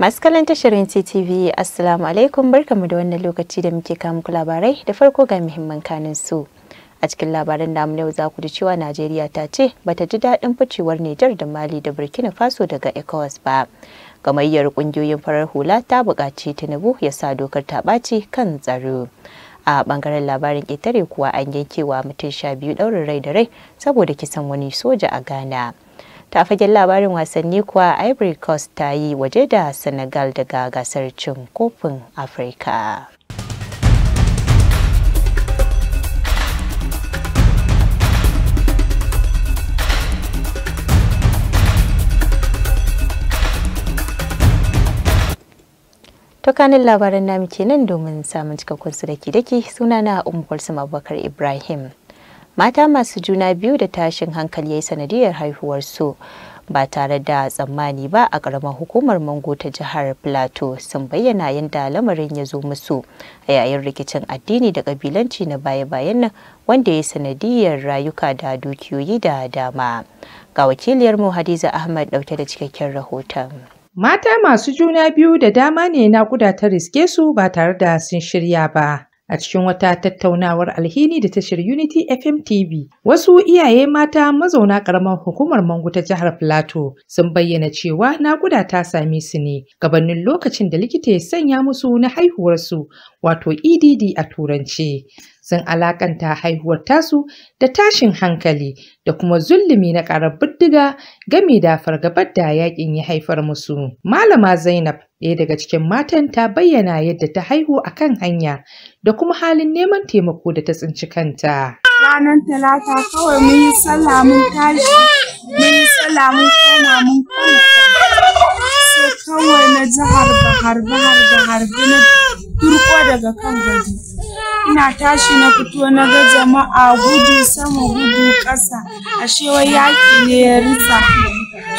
Masu kallon tashirin CTV Assalamu alaikum barkamu da wannan lokaci da muke kawo ku labarai da farko ga muhimman kanin su. A cikin labaran da yau za ku ji cewa Najeriya ta ce bata ji daɗin ficewar Nijar da Mali da Burkina Faso daga ECOWAS ba. Gamayyar ƙungiyoyin farar hula ta buƙaci Tinubu ya sa dokar ta ɓaci kan tsaro. a ɓangaren labarin ƙetare kuwa an yankewa mutum sha biyu ɗaurin rai da rai saboda kisan wani soja a ghana ta fagen labarin wasanni kuwa ivory coast ta yi waje da senegal daga gasar cin kofin afirka tokanin labaran namu kenan domin samun cikakkun su daki daki sunana umar Kulsum Abubakar Ibrahim. mata masu juna biyu da tashin hankali ya yi sanadiyar haihuwarsu ba tare da tsammani ba a ƙaramar hukumar mango ta jihar plateau sun bayyana yadda lamarin ya zo musu a yayin rikicin addini da ƙabilanci na baya-bayan nan wanda ya yi sanadiyar rayuka da dukiyoyi da dama ga wakiliyar mu hadiza ahmad ɗauke da cikakken rahoton mata masu juna biyu da dama ne na ta riske su ba tare da sun shirya ba a cikin wata tattaunawar alhini da tashar Unity FM TV. Wasu iyaye mata mazauna karamar hukumar Mangu ta jihar Plateau sun bayyana cewa naƙuda ta same su ne gabanin lokacin da likita ya sanya musu na haihuwarsu wato EDD a Turanci) Sun alakanta haihuwar tasu da tashin hankali da kuma zullumi na ƙarar buddiga game da fargabar da yaƙin ya haifar musu. Malama Zainab Ɗaya daga cikin matan ta bayyana yadda ta haihu a kan hanya da kuma halin neman taimako da ta tsinci kanta. Ranar talata kawai mun yi sallah mun tashi, mun yi sallah mun koma mun kwanta. Sai kawai na ji harba harba harba harba na turko daga kan gado. Ina tashi na fito na ga jama'a gudu sama gudu ƙasa, ashe wai yaƙi ne ya ritsa.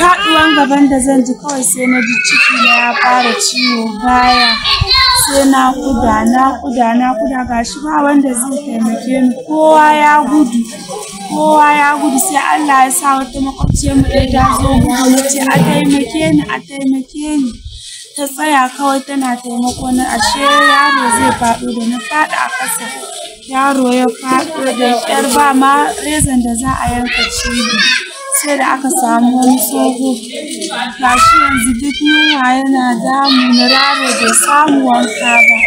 faɗuwan gaban da zan ji kawai sai na ji ciki na ya fara ciwo baya sai na kuda na kuda na kuda gashi ba wanda zai taimake ni kowa ya gudu kowa ya gudu sai Allah ya sa wata makwabciyar mu dai ta zo gudu ya ce a taimake ni a taimake ni ta tsaya kawai tana taimako na ashe yaro zai faɗo da na faɗi a ƙasa yaro ya faɗo da 'yar ba ma rezan da za a yanka cibi ce da aka samu wani tsoho ga shi yanzu duk yunwa yana damu na rabe da samu wanka ba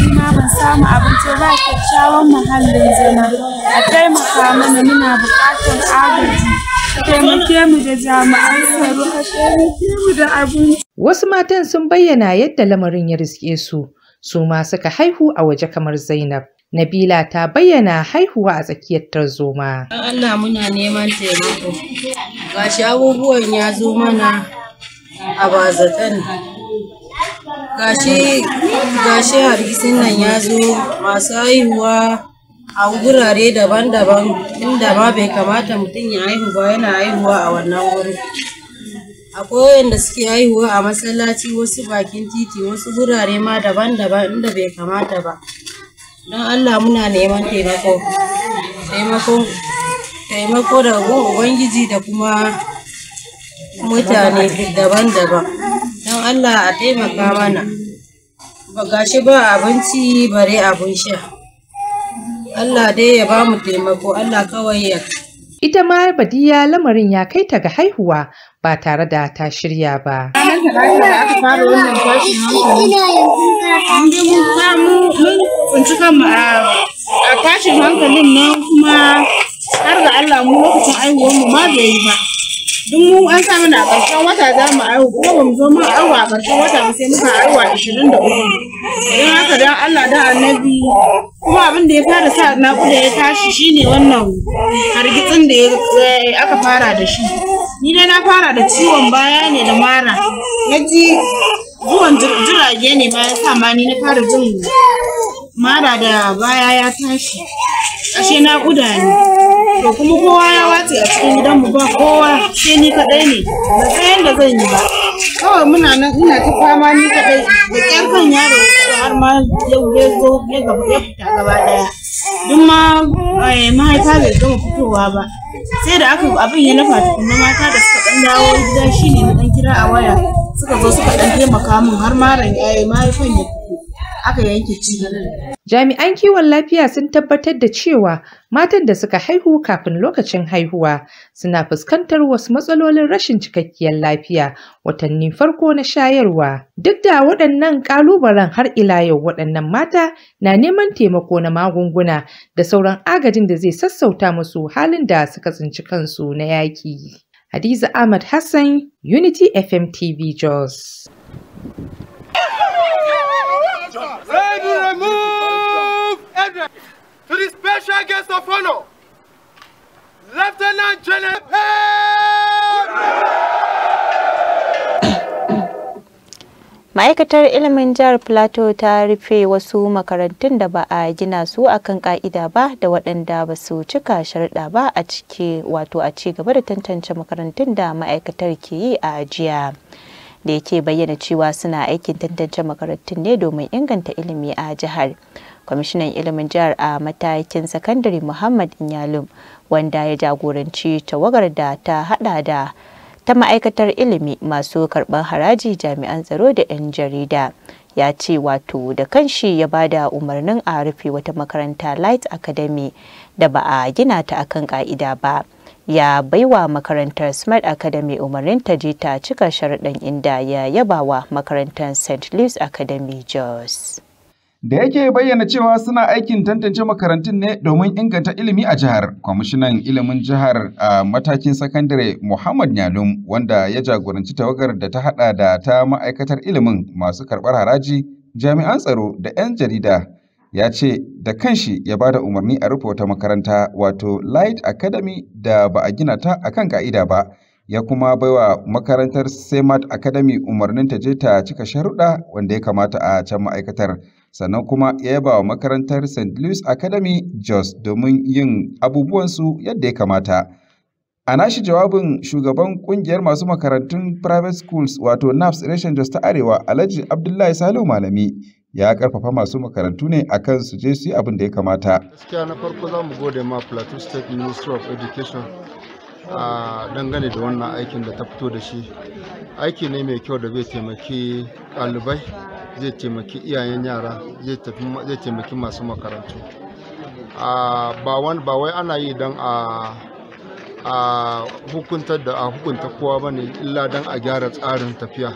kuma ban samu abinci ba kyakkyawan muhallin zama a taimaka mana muna buƙatar agaji wasu matan sun bayyana yadda lamarin ya riske su su ma suka haihu a waje kamar zainab Nabila ta bayyana haihuwa a tsakiyar tarzoma. Allah muna neman taimako. Ga shi abubuwan ya zo mana a bazatan. ga shi hargitsin nan ya zo masu haihuwa a gurare daban-daban inda ma bai kamata mutum ya haihu ba yana haihuwa a wannan wurin. koyon da suke haihuwa a masallaci wasu bakin titi wasu gurare ma daban-daban inda bai kamata ba don Allah muna neman taimako taimako taimako daga ubangiji da kuma mutane daban-daban don Allah a taimaka mana ba gashi ba abinci bare abin sha Allah dai ya ba mu taimako Allah kawai ya Ita ma Badiya lamarin ya kai ta ga haihuwa ba tare da ta shirya ba. Mun a tashin hankalin nan kuma har ga Allah mu lokacin aihuwar mu ma bai yi ba duk mu an sa mana a ƙarshen wata za mu aihu kuma ba mu zo mu aihu a ƙarshen wata ba sai muka aihu a ishirin da uku don haka don Allah da annabi kuma abin da ya fara sa naƙuda ya tashi shine wannan hargitsin da eh, aka fara da shi ni dai na fara da ciwon baya ne da mara ya ji zuwan jirage ne bayan sa ma ni na fara jin mara da baya ya tashi ashe naƙuda ne to kuma kowa ya wace a cikin gidan mu ba kowa sai ni kadai ne ba sai yadda zan yi ba kawai muna nan ina ta fama ni kadai, da kyan kan yaro har ma ya zo ya gaba ya fita gaba ɗaya duk ma eh, mahaifa bai gama fitowa ba sai da aka abin ya lafa tukunna mata da suka ɗan dawo gida shine na ɗan kira a waya suka zo suka dan taimaka min har ma ran mahaifan ya aka yanke Jami'an kiwon lafiya sun tabbatar da cewa matan da suka haihu kafin lokacin haihuwa suna fuskantar wasu matsalolin rashin cikakkiyar lafiya watanni farko na shayarwa. Duk da waɗannan ƙalubalen har ila yau waɗannan mata na neman taimako na magunguna da sauran agajin da zai sassauta musu halin da suka tsinci kansu na yaƙi. Hadiza Ahmad Hassan, Unity FM TV Jos. Special Guest of Honor, Lieutenant General Ma'aikatar ilimin jihar Plateau ta rufe wasu makarantun da ba a gina su akan ka'ida ba da waɗanda ba su cika sharuɗa ba a cike wato a ci gaba da tantance makarantun da ma'aikatar ke yi a jiya. Da yake bayyana cewa suna aikin tantance makarantun ne domin inganta ilimi a jihar. kwamishinan ilimin jihar a matakin sakandare muhammad inyalum wanda ya jagoranci tawagar da ta hada da ta ma'aikatar ilimi masu karban haraji jami'an tsaro da 'yan jarida ya ce wato da kanshi ya ba da umarnin a rufe wata makaranta light academy da ba a gina ta akan ka'ida ba ya baiwa makarantar smart academy umarnin ta je ta cika sharaɗin inda ya yaba wa makarantar st louis academy jos da yake bayyana cewa suna aikin tantance makarantun ne domin inganta ilimi a jihar. Kwamishinan ilimin jihar a matakin sakandare Muhammad Nyalum wanda ya jagoranci tawagar da ta hada da ta ma'aikatar ilimin masu karbar haraji, jami'an tsaro da 'yan jarida ya ce da kanshi ya ba da umarni a rufe wata makaranta wato Light Academy da ba a gina ta akan ka'ida ba. ya kuma baiwa makarantar Semat Academy umarnin ta je ta cika sharuɗa wanda ya kamata a can ma'aikatar. sannan kuma ya yaba wa makarantar St. Louis Academy Jos domin yin abubuwansu yadda ya kamata. A nashi jawabin shugaban kungiyar masu makarantun private schools wato NAPS reshen Jos ta Arewa Alhaji Abdullahi salo Malami ya karfafa masu makarantu ne a kan su je su yi abin da ya kamata. Gaskiya na farko za mu gode ma Plateau State Ministry of Education a dangane da wannan aikin da ta fito da shi. Aiki ne mai kyau da zai taimaki ɗalibai zai taimaki iyayen yara zai taimaki masu makarantu ba wai ana yi don a hukuntar da a hukunta kowa ba ne illa don a gyara tsarin tafiya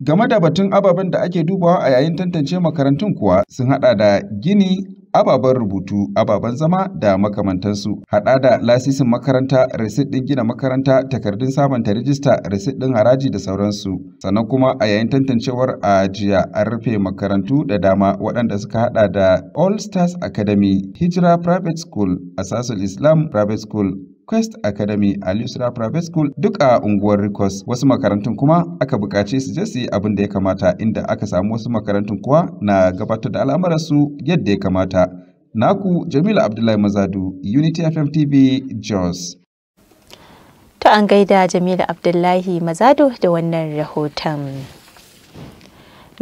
game da batun ababen da ake dubawa a yayin tantance makarantun kuwa sun hada da gini ababen rubutu, ababen zama da makamantansu, haɗa da lasisin makaranta, resit ɗin gina makaranta, takardun sabanta rijista, resit ɗin haraji da sauransu. Sannan kuma a yayin tantancewar a jiya an rufe makarantu da dama waɗanda suka haɗa da All Stars Academy, Hijra Private School, Asasul Islam Private School, Quest Academy a Lusra Private School duk a unguwar Rikos. Wasu makarantun kuma aka buƙaci su je su yi abin da ya kamata inda aka samu wasu makarantun kuwa na gabatar da al'amuransu yadda ya kamata. Naku Jamilu Abdullahi Mazadu, Unity FM TV, Jos. Ta an gaida Jamilu Abdullahi Mazadu da wannan rahoton.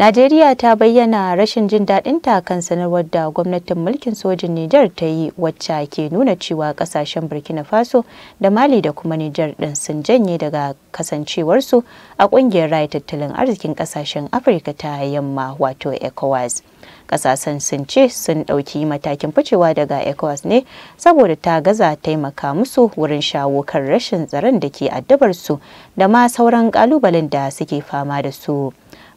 Najeriya ta bayyana rashin jin daɗin ta kan sanarwar da gwamnatin mulkin sojin Nijar ta yi wacce ke nuna cewa ƙasashen Burkina Faso da Mali da kuma Nijar ɗin sun janye daga kasancewarsu a ƙungiyar raya tattalin arzikin ƙasashen Afirka ta yamma wato ECOWAS. Ƙasashen sun ce sun ɗauki matakin ficewa daga ECOWAS ne saboda ta gaza taimaka musu wurin shawo kan rashin tsaron da ke addabar su da ma sauran ƙalubalen da suke fama da su.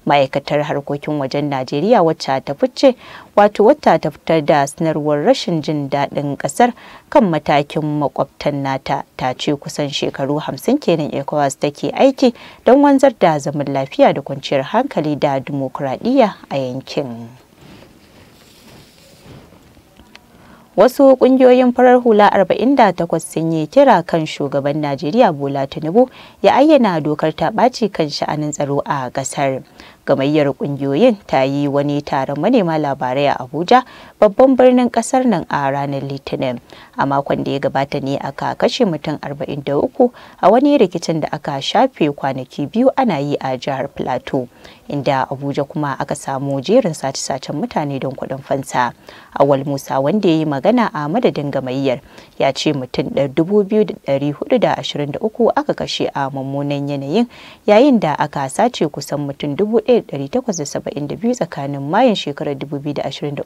ma'aikatar harkokin wajen najeriya wacce ta fice wato wata ta fitar da sanarwar rashin jin daɗin ƙasar kan matakin makwabtan nata ta ce kusan shekaru hamsin kenan ecowas take aiki don wanzar da zaman lafiya da kwanciyar hankali da dimokuraɗiyya a yankin wasu kungiyoyin farar hula 48 sun yi kira kan shugaban najeriya bola tinubu ya ayyana dokar ta ɓaci kan sha'anin tsaro a ƙasar gamayyar kungiyoyin ta yi wani taron manema labarai a abuja babban birnin kasar nan a ranar litinin a makon da ya gabata ne aka kashe mutum 43 a wani rikicin da aka shafe kwanaki biyu ana yi a jihar plateau inda abuja kuma aka samu jerin sace-sacen mutane don kuɗin fansa awal musa wanda ya yi magana a madadin gamayyar ya ce mutum 2423 aka kashe a mummunan yanayin yayin da aka sace kusan mutum 1000 1872 tsakanin Mayan shekarar 2023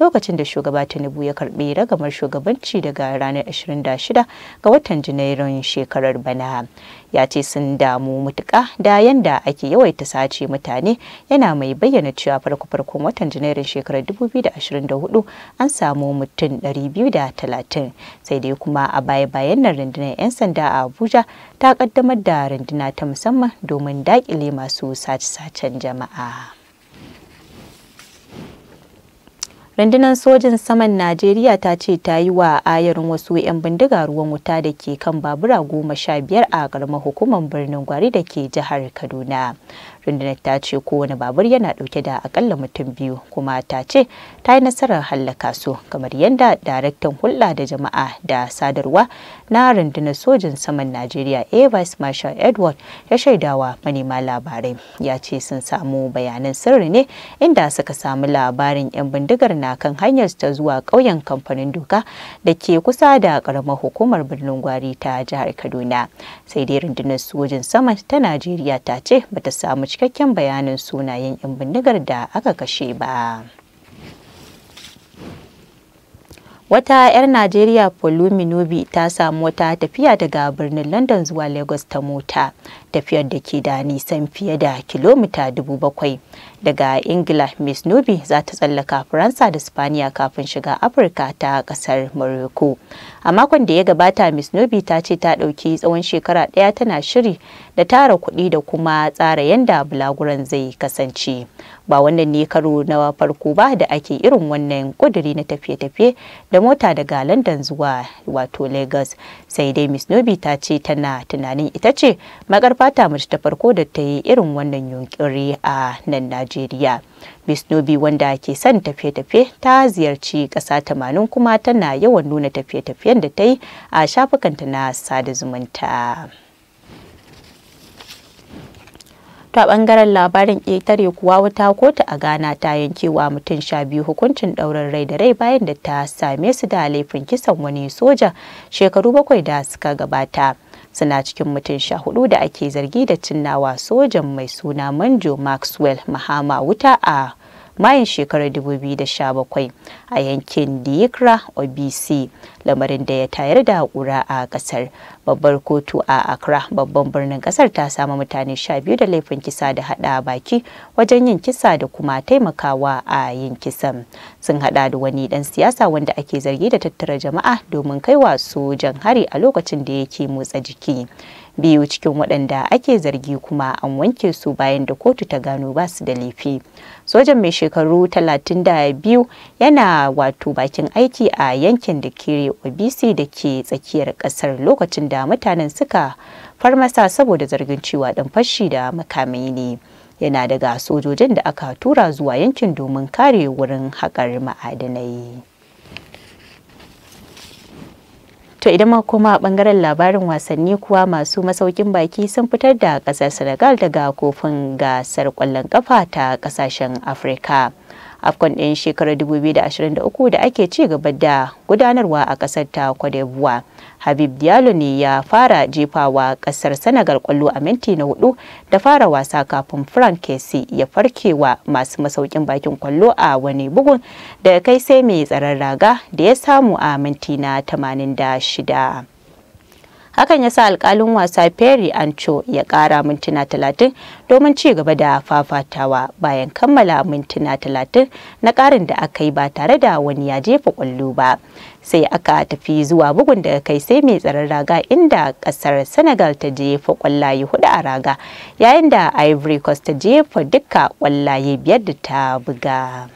lokacin da shugaba Tinubu ya karbi ragamar shugabanci daga ranar 26 ga watan Janairun shekarar bana. ya ce sun damu mutuka da yanda ake yawaita sace mutane yana mai bayyana cewa farko-farkon watan janairun shekarar 2024 an samu mutum 230 sai dai kuma a baya-bayan nan rundunar 'yan sanda a abuja ta kaddamar da runduna ta musamman domin daƙile masu sace-sacen jama'a. rundunar sojin saman najeriya ta ce ta yi wa ayarin wasu 'yan bindiga ruwan wuta da ke kan babura goma sha biyar a karamar hukumar birnin gwari da ke jihar kaduna rundunar ta ce kowane babur yana dauke da akalla mutum biyu kuma ta ce ta yi nasarar hallaka su kamar yadda daraktan hulɗa da jama'a da sadarwa na rundunar sojin saman najeriya a vice marshal edward ya shaidawa manema labarai ya ce sun samu bayanan sirri ne inda suka samu labarin 'yan bindigar na kan hanyar ta zuwa ƙauyen kamfanin doka da ke kusa da ƙaramar hukumar birnin gwari ta jihar kaduna sai dai rundunar sojin saman ta najeriya ta ce bata samu cikakken bayanin sunayen 'yan bindigar da aka kashe ba. Wata 'yar Najeriya Foluminobi ta samu wata tafiya daga birnin London zuwa Lagos ta mota, tafiyar da ke da nisan fiye da kilomita dubu bakwai daga ingila miss nobi za ta tsallaka faransa da spaniya kafin shiga afirka ta kasar morocco a makon da ya gabata miss nobi ta ce ta ɗauki tsawon shekara ɗaya tana shiri da tara kuɗi da kuma tsara yadda bulaguran zai kasance ba wannan ne karo na farko ba da ake irin wannan ƙuduri na tafiye-tafiye da mota daga london zuwa wato lagos sai dai miss nobi ta ce tana tunanin ita ce makarfa fata mace ta farko da ta yi irin wannan yunkuri a nan Najeriya. Bisnobi wanda ke son tafiye-tafiye ta ziyarci ƙasa tamanin kuma tana yawan nuna tafiye-tafiyen da ta yi a shafukanta na sada zumunta. ta bangaren labarin ƙetare kuwa wata kotu a ghana ta yankewa mutum sha biyu hukuncin ɗaurin rai da rai bayan da ta same su da laifin kisan wani soja shekaru bakwai da suka gabata suna cikin mutum sha hudu da ake zargi da cinnawa sojan mai suna manjo maxwell mahama wuta a mayin shekarar 2017 a yankin Diekra OBC lamarin da ya tayar da haƙura a ƙasar. Babbar kotu a Accra babban birnin ƙasar ta samu mutane 12 da laifin kisa da hada baki wajen yin kisa da kuma taimakawa a yin kisan. Sun hada da wani dan siyasa wanda ake zargi da tattara jama'a domin kai wa sojan hari a lokacin da yake motsa jiki. biyu cikin waɗanda ake zargi kuma an wanke su bayan da kotu ta gano ba su da laifi sojan mai shekaru 32 yana wato bakin aiki a yankin da kere obc da ke tsakiyar ƙasar lokacin da mutanen suka farmasa saboda zargin cewa ɗan fashi da makamai ne yana daga sojojin da aka tura zuwa yankin domin kare wurin haƙar ma'adanai. To idan ma kuma bangaren labarin wasanni kuwa masu masaukin baki sun fitar da kasar Senegal daga kofin gasar kwallon kafa ta kasashen Afirka. afcon ɗin shekarar 2023 da ake ci gaba da gudanarwa a ƙasar ta cote d'ivoire habib diallo ne ya fara jefawa ƙasar senegal kwallo a minti na hudu da fara wasa kafin frank kesi ya farkewa masu masaukin bakin kwallo a wani bugun da kai sai mai tsaron raga da ya samu a minti na 86 hakan ya sa alkalin wasa Perry Ancho ya kara mintuna 30 domin ci gaba da fafatawa bayan kammala mintuna 30 na karin da aka yi ba tare da wani ya jefa kwallo ba. sai aka tafi zuwa bugun da kai sai mai tsaron raga inda kasar senegal ta jefa kwallaye hudu a raga yayin da ivory coast ta jefa duka kwallaye biyar da ta buga.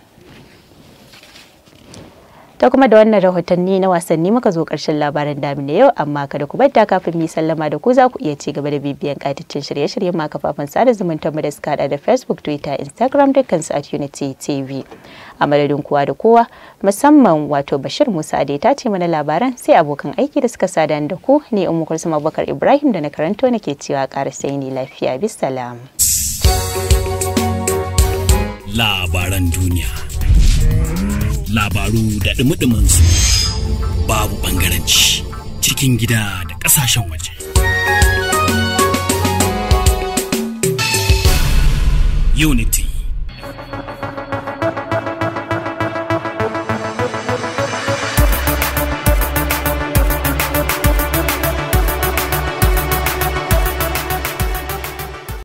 ta kuma da wannan rahotanni na wasanni muka zo karshen labaran dami na yau amma kada ku bar kafin mu sallama da ku za ku iya ci gaba da bibiyan katittin shirye-shiryen ma kafafen sada zumunta mu da suka da Facebook Twitter Instagram dukkansu at Unity TV a madadin kowa da kowa musamman wato Bashir Musa da ta ce mana labaran sai abokan aiki da suka sada da ku ne Ummu Kulsum Abubakar Ibrahim da na karanto nake cewa ƙara sai ni lafiya bisalam labaran duniya labaru da dumi babu ɓangaranci cikin gida da ƙasashen waje. Unity